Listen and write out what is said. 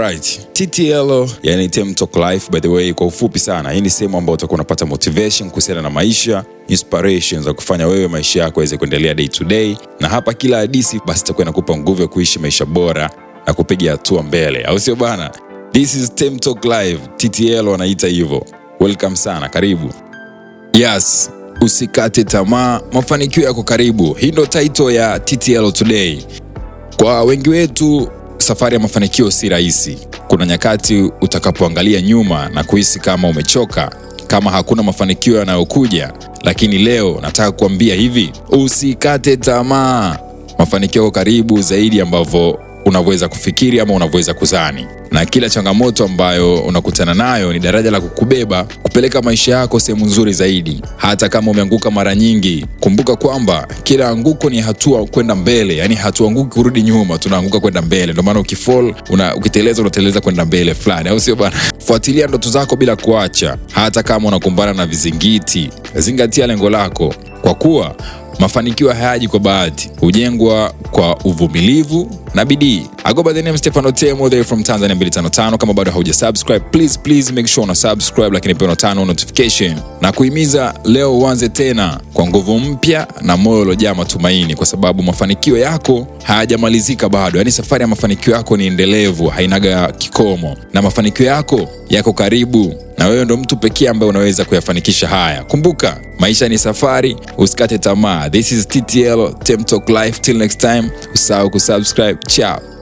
Alright, TTL yani Tem Talk Life by the way, kwa ufupi sana, hii ni sehemu ambayo utakuwa unapata motivation kuhusiana na maisha, inspiration za kufanya wewe maisha yako yaweze kuendelea day to day, na hapa kila hadisi basi itakuwa inakupa nguvu ya kuishi maisha bora na kupiga hatua mbele, au sio bana? This is Tem Talk Live, TTL wanaita hivyo. Welcome sana, karibu. Yes, usikate tamaa, mafanikio yako karibu. Hii ndo title ya TTL today. Kwa wengi wetu safari ya mafanikio si rahisi. Kuna nyakati utakapoangalia nyuma na kuhisi kama umechoka, kama hakuna mafanikio yanayokuja, lakini leo nataka kuambia hivi, usikate tamaa. Mafanikio karibu zaidi ambavyo unavyoweza kufikiri ama unavyoweza kuzani, na kila changamoto ambayo unakutana nayo ni daraja la kukubeba kupeleka maisha yako sehemu nzuri zaidi. Hata kama umeanguka mara nyingi, kumbuka kwamba kila anguko ni hatua kwenda mbele. Yani hatuanguki kurudi nyuma, tunaanguka kwenda mbele. Ndio maana ukifall, una ukiteleza, unateleza kwenda mbele fulani, au sio bana? Fuatilia ndoto zako bila kuacha, hata kama unakumbana na vizingiti, zingatia lengo lako kwa kuwa Mafanikio hayaji kwa bahati, hujengwa kwa uvumilivu na bidii. I go by the name Stefano Temo there from Tanzania 255. Kama bado hauja subscribe, please please make sure una subscribe, lakini pia unatano notification na kuhimiza leo uanze tena kwa nguvu mpya na moyo uliojaa matumaini, kwa sababu mafanikio yako hayajamalizika bado. Yaani safari ya mafanikio yako ni endelevu, hainaga kikomo, na mafanikio yako yako karibu na wewe ndo mtu pekee ambaye unaweza kuyafanikisha haya. Kumbuka maisha ni safari, usikate tamaa. This is TTL temtok Life, till next time, usahau kusubscribe. chao